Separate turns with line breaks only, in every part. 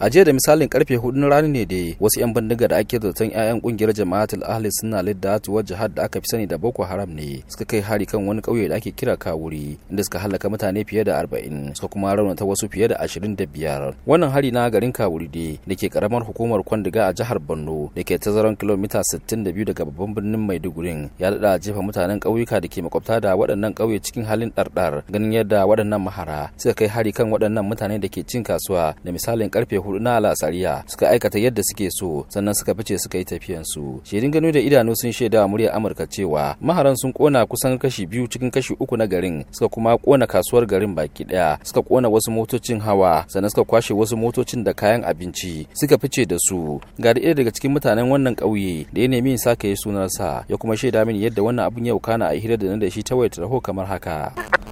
a jiya da misalin karfe hudu na rani ne da wasu yan bindiga da ake zaton yayan kungiyar jama'atul ahli suna liddat wa jihad da aka fi sani da boko haram ne suka kai hari kan wani kauye da ake kira kawuri inda suka halaka mutane fiye da arba'in suka kuma rauna ta wasu fiye da ashirin da biyar wannan hari na garin kawuri de da ke karamar hukumar kwandiga a jihar borno da ke tazaran kilomita 62 daga babban birnin maiduguri ya dada jefa mutanen kauyuka da ke makwabta da waɗannan kauye cikin halin ɗarɗar ganin yadda waɗannan mahara suka kai hari kan waɗannan mutane da ke cin kasuwa da misalin karfe hudu na al'asariya suka aikata yadda suke so sannan suka fice suka yi su shirin gano da idanu sun shaida muryar amurka cewa maharan sun kona kusan kashi biyu cikin kashi uku na garin suka kuma kona kasuwar garin baki daya suka kona wasu motocin hawa sannan suka kwashe wasu motocin da kayan abinci suka fice da su ga da daga cikin mutanen wannan kauye da ya nemi sake sunarsa ya kuma shaida mini yadda wannan abin yau kana a hirar da na da shi ta wayar tarho kamar haka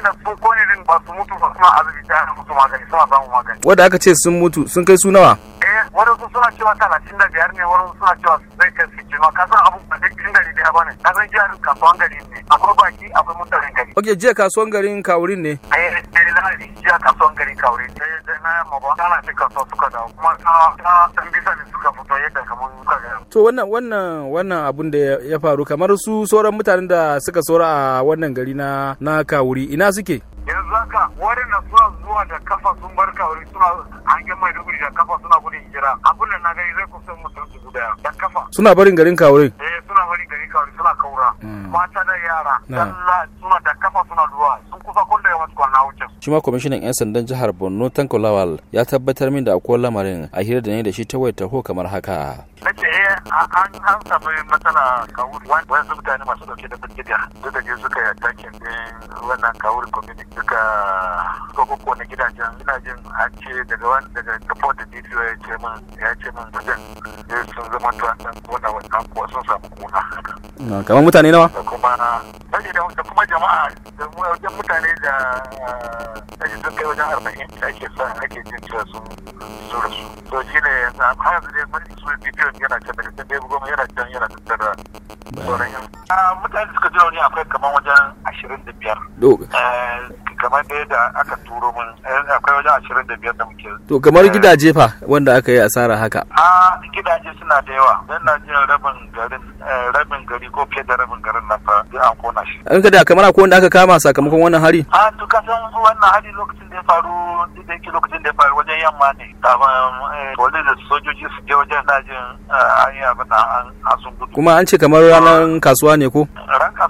wanda sun kone din ba su mutu ba suna asibiti ana musu magani suna samun magani wanda aka
ce sun mutu sun kai su nawa eh wani su suna cewa talatin da biyar ne
wani suna cewa zai kai su jima ka san abun ba duk cikin gari da ya bane ka san jihar kasuwan gari ne akwai baki akwai mutane
gari ok jiya kasuwan garin kawurin ne
eh ja kasuwan garin kaure sai da na yamma ba ana lafi kasuwa suka dawo kuma ta ta bisa ne suka fito
yadda kamar suka ga to wannan wannan wannan abun da ya faru kamar su sauran mutanen da suka saura a wannan gari na na kawuri ina suke
yanzu haka waɗanda suna zuwa da kafa sun bar kawuri suna hangen mai duguri da kafa suna gudun jira. abun da na gani zai kusan mutum dubu daya da
kafa suna barin garin kawuri eh suna barin garin kawuri suna kaura hmm. mata da yara suna da kafa suna zuwa sun kusa kunda masaukin. Shi ma kwamishinan 'yan sandan jihar Borno Tanko Lawal ya tabbatar min da akwai lamarin a hira da ne da shi ta wayar taho kamar haka.
Nace eh an an samu matsala kawuri wasu mutane masu dauke da bindiga duk da suka yi takin ne wannan kawuri community duka kokoko na gidajen ina jin an ce daga wani daga report dto ya ce man ya ce min wajen ya eh, sun
zama to wanda wata kuwa sun samu kuna kamar mutane nawa da kuma bari da kuma jama'a da wajen mutane da
eh, ake sun kai wajen arba'in da ake sa ake jin cewa sun su rasu to shi ne har yanzu dai mun su dto yana can daga can dai goma yana can yana can tattara sauran yau ah, mutane suka ji
rauni akwai kamar wajen ashirin da biyar kamar da aka turo mun eh, akwai wajen ashirin da biyar da muke to kamar eh. gidaje fa wanda aka yi asara haka a gidaje suna da yawa
don na jin rabin garin eh, rabin gari ko fiye da rabin garin na fa an kona shi
an kada kamar akwai wanda aka kama sakamakon wannan hari a to ka san wannan hari lokacin da ya faru da yake lokacin da ya faru wajen yamma ne kafin wajen da sojoji su je wajen dajin an yi abin an sun gudu kuma an ce kamar ranar kasuwa ne ko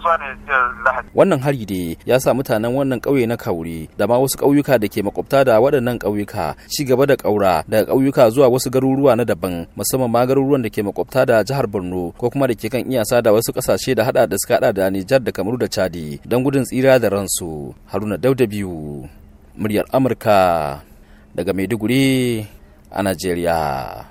kasuwa ne lahadi wannan hari ne ya sa mutanen wannan ƙauye na kauri da ma wasu ƙauyuka da ke makwabta da waɗannan ƙauyuka ci gaba da ƙaura daga ƙauyuka zuwa wasu garuruwa na daban musamman ma garuruwan da ke makwabta da jihar borno ko kuma da ke kan iyasa da wasu ƙasashe da hada da suka hada da nijar da kamaru da chadi don gudun tsira da ransu haruna dauda biyu muryar amurka daga maiduguri a najeriya